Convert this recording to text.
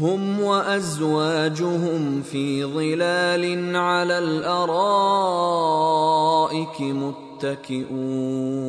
هم وازواجهم في ظلال على الارائك متكئون